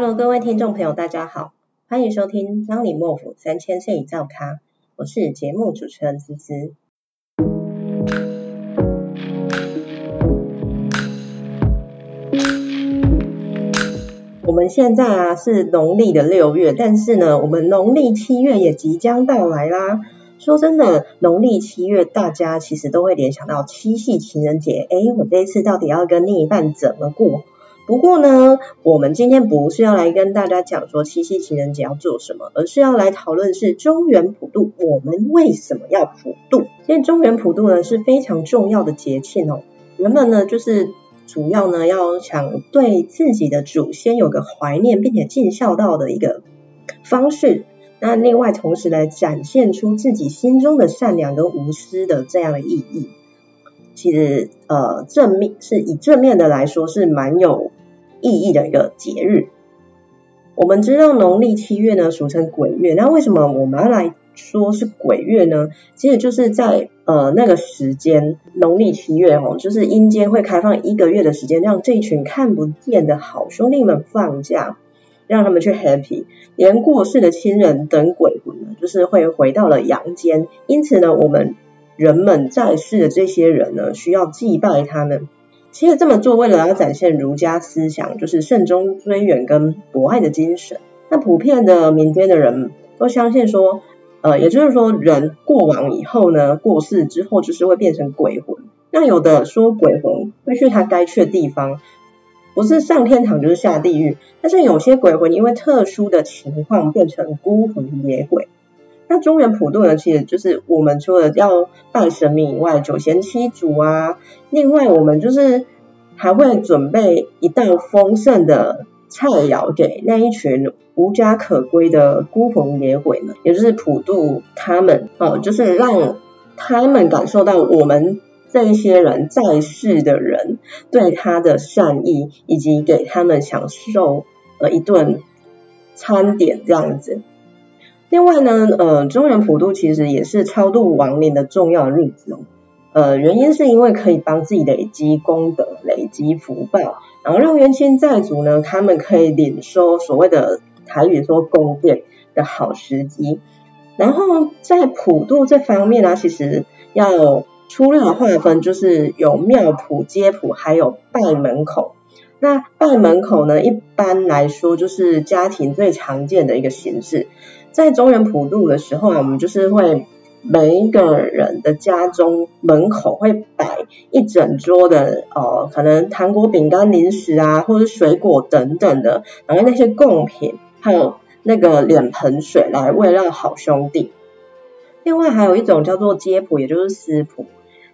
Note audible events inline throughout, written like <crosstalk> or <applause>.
Hello，各位聽眾朋友，大家好，歡迎收聽《張李莫府三千歲照咖》，我是節目主持人絲絲。 <music> 我們現在啊是農曆的六月，但是呢，我們農曆七月也即將到來啦。說真的，農曆七月大家其實都會聯想到七夕情人節，哎、欸，我這次到底要跟另一半怎麼過？不過呢，我們今天不是要來跟大家講說七夕情人節要做什麼，而是要來討論是中元普渡，我們為什麼要普渡？因為中元普渡呢是非常重要的節慶哦，人們呢就是主要呢要想對自己的祖先有個懷念，並且盡孝道的一個方式。那另外同時來展現出自己心中的善良跟無私的這樣的意義。其實呃，正面是以正面的來說是蠻有意義的一個節日，我們知道農曆七月呢，俗稱鬼月。那為什麼我們要來說是鬼月呢？其實就是在呃那個時間，農曆七月哦，就是陰間會開放一個月的時間，讓這群看不見的好兄弟們放假，讓他們去 happy。連過世的親人等鬼魂呢，就是會回到了陽間。因此呢，我們人們在世的這些人呢，需要祭拜他們。其實這麼做，為了要展現儒家思想，就是慎終追遠跟博愛的精神。那普遍的民間的人都相信說，呃，也就是說，人過往以後呢，過世之後就是會變成鬼魂。那有的說鬼魂會去他該去的地方，不是上天堂就是下地獄。但是有些鬼魂因為特殊的情況，變成孤魂野鬼。那中元普渡呢，其實就是我們除了要拜神明以外，九賢七祖啊，另外我們就是還會準備一道豐盛的菜餚給那一群無家可歸的孤魂野鬼們，也就是普渡他們哦，就是讓他們感受到我們這些人在世的人對他的善意，以及給他們享受、呃、一頓餐點這樣子。另外呢，呃，中元普渡其實也是超度亡靈的重要日子哦，呃，原因是因為可以幫自己累積功德、累積福報，然後讓冤親債主呢，他們可以領收所謂的台語說公德的好時機。然後在普渡這方面啊，其實要有粗略的劃分，就是有廟普、街普，還有拜門口。那拜門口呢，一般來說就是家庭最常見的一個形式。在中元普渡的時候啊，我們就是會每一個人的家中門口會擺一整桌的哦、呃，可能糖果、餅乾、零食啊，或者水果等等的，然後那些貢品，還有那個臉盆水來慰勞好兄弟。另外還有一種叫做街普，也就是市普。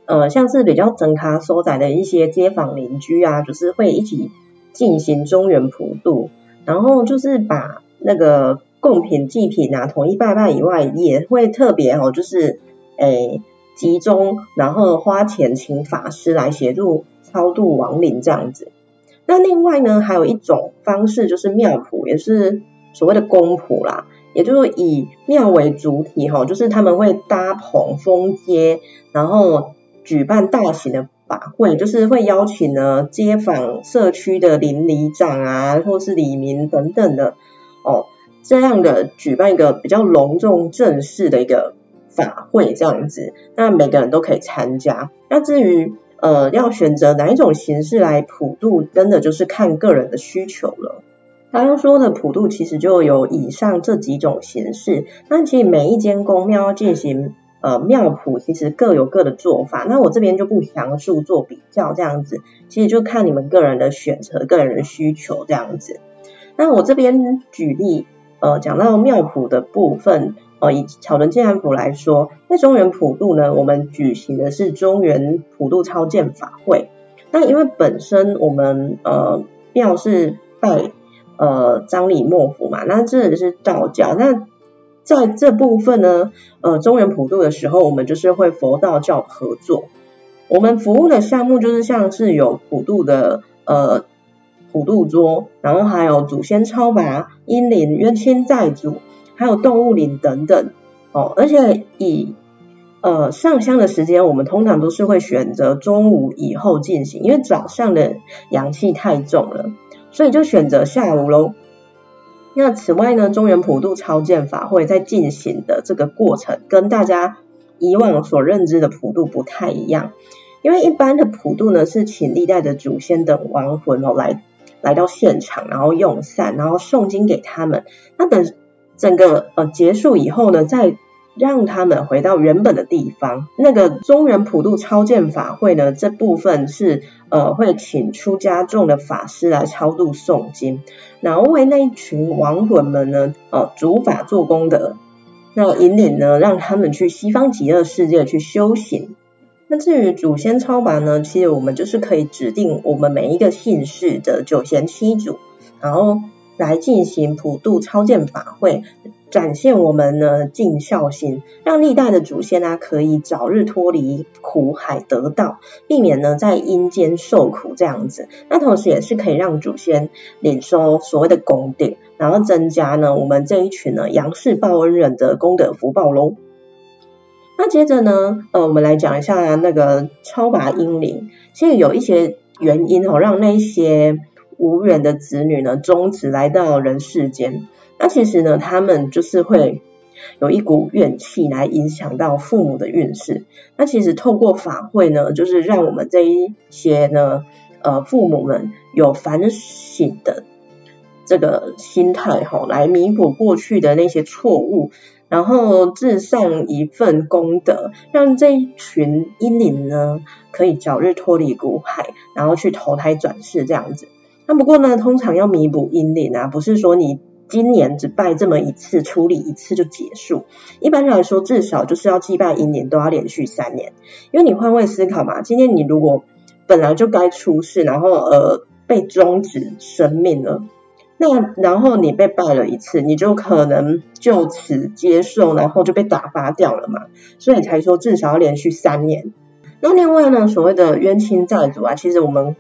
呃，像是比較整卡收窄的一些街坊鄰居啊，就是會一起進行中元普渡，然後就是把那個貢品祭品啊統一拜拜以外，也會特別吼，就是誒、欸、集中，然後花錢請法師來協助超度亡靈這樣子。那另外呢，還有一種方式就是廟普，也是所謂的公普啦，也就是以廟為主體哈，就是他們會搭棚封街，然後。舉辦大型的法會，就是會邀請呢街坊、社區的鄰里長啊，或是里民等等的哦，這樣的舉辦一個比較隆重正式的一個法會這樣子，那每個人都可以參加。那至於呃要選擇哪一種形式來普渡，真的就是看個人的需求了。剛剛說的普渡其實就有以上這幾種形式，那其實每一間宮廟要進行。呃，廟普其實各有各的做法，那我這邊就不詳述做比較這樣子，其實就看你們個人的選擇、個人的需求這樣子。那我這邊舉例，呃，講到廟普的部分，呃，以草屯進安府來說，那中元普渡呢，我們舉行的是中元普渡超薦法會。那因為本身我們呃廟是拜呃張李莫府嘛，那這也是道教，那。在這部分呢，呃，中元普渡的時候，我們就是會佛道教合作。我們服務的項目就是像是有普渡的呃普渡桌，然後還有祖先超拔、嬰靈、冤親債主，還有動物靈等等哦。而且以呃上香的時間，我們通常都是會選擇中午以後進行，因為早上的陽氣太重了，所以就選擇下午嘍。那此外呢，中元普渡超薦法會在進行的這個過程，跟大家以往所認知的普渡不太一樣。因為一般的普渡呢，是請歷代的祖先的亡魂哦來來到現場，然後用膳，然後誦經給他們。那等整個呃結束以後呢，再讓他們回到原本的地方。那個中元普渡超薦法會呢，這部分是呃，會請出家眾的法師來超度誦經，然後為那一群亡魂們呢，呃，主法做功德。那引領呢，讓他們去西方極樂世界去修行。那至於祖先超拔呢，其實我們就是可以指定我們每一個姓氏的九賢七祖，然後來進行普渡超薦法會。展現我們呢盡孝心，讓歷代的祖先呢、啊、可以早日脫離苦海得道，避免呢在陰間受苦這樣子。那同時也是可以讓祖先領受所謂的功德，然後增加呢我們這一群呢陽世報恩人的功德福報嘍。那接着呢，呃，我們來講一下那個超拔嬰靈，其實有一些原因哦，讓那些無緣的子女呢終止來到人世間。那其實呢，他們就是會有一股怨氣來影響到父母的運勢。那其實透過法會呢，就是讓我們這一些呢，呃，父母們有反省的這個心態哈、哦，來彌補過去的那些錯誤，然後致上一份功德，讓這一群嬰靈呢可以早日脫離苦海，然後去投胎轉世這樣子。那不過呢，通常要彌補嬰靈啊，不是說你。今年只拜這麼一次，處理一次就結束。一般來說，至少就是要祭拜一年，都要連續三年。因為你換位思考嘛，今天你如果本來就該出世，然後呃被終止生命了，那然後你被拜了一次，你就可能就此接受，然後就被打發掉了嘛。所以你才說至少要連續三年。那另外呢，所謂的冤親債主啊，其實我們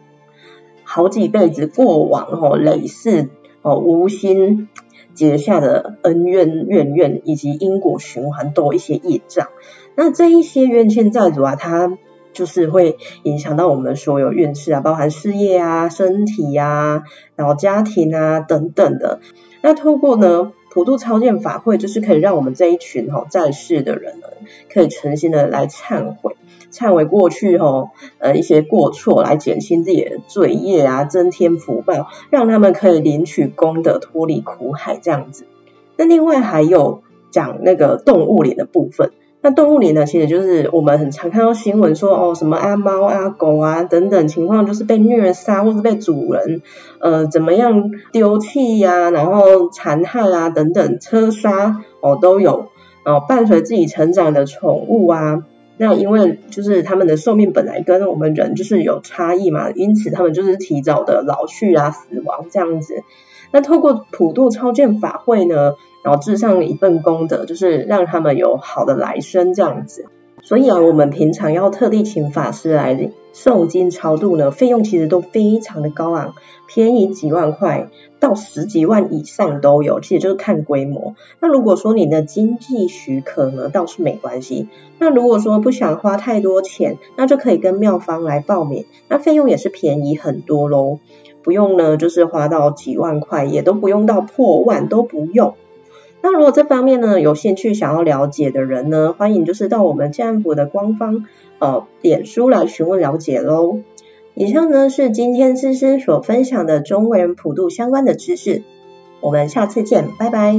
好幾輩子過往哦累世。哦，無心結下的恩怨怨怨，以及因果循環多一些業障。那這一些冤親債主啊，它就是會影響到我們所有運勢啊，包含事業啊、身體呀、啊、然後家庭啊等等的。那透過呢，普渡超薦法會就是可以讓我們這一群吼在世的人呢，可以誠心的來懺悔，懺悔過去吼、哦、呃一些過錯，來減輕自己的罪業啊，增添福報、哦，讓他們可以領取功德，脫離苦海這樣子。那另外還有講那個動物靈的部分。那動物靈呢，其實就是我們很常看到新聞說，哦，什麼阿貓啊狗啊等等情況，就是被虐殺，或是被主人，呃，怎麼樣丟棄呀、啊，然後殘害啊等等，車殺哦都有。然、哦、後伴隨自己成長的寵物啊，那因為就是他們的壽命本來跟我們人就是有差異嘛，因此他們就是提早的老去啊，死亡這樣子。那透過普渡超薦法會呢，然後置上一份功德，就是讓他們有好的來生這樣子。所以啊，我們平常要特地請法師來誦經超度呢，費用其實都非常的高昂，便宜幾萬塊到十幾萬以上都有，其實就是看規模。那如果說你的經濟許可呢，倒是沒關係。那如果說不想花太多錢，那就可以跟廟方來報名，那費用也是便宜很多嘍。不用呢，就是花到幾萬塊也都不用，到破萬都不用。那如果這方面呢，有興趣想要了解的人呢，歡迎就是到我們進安府的官方呃臉書來詢問了解嘍。以上呢，是今天絲絲所分享的中元普渡相關的知識，我們下次見，拜拜。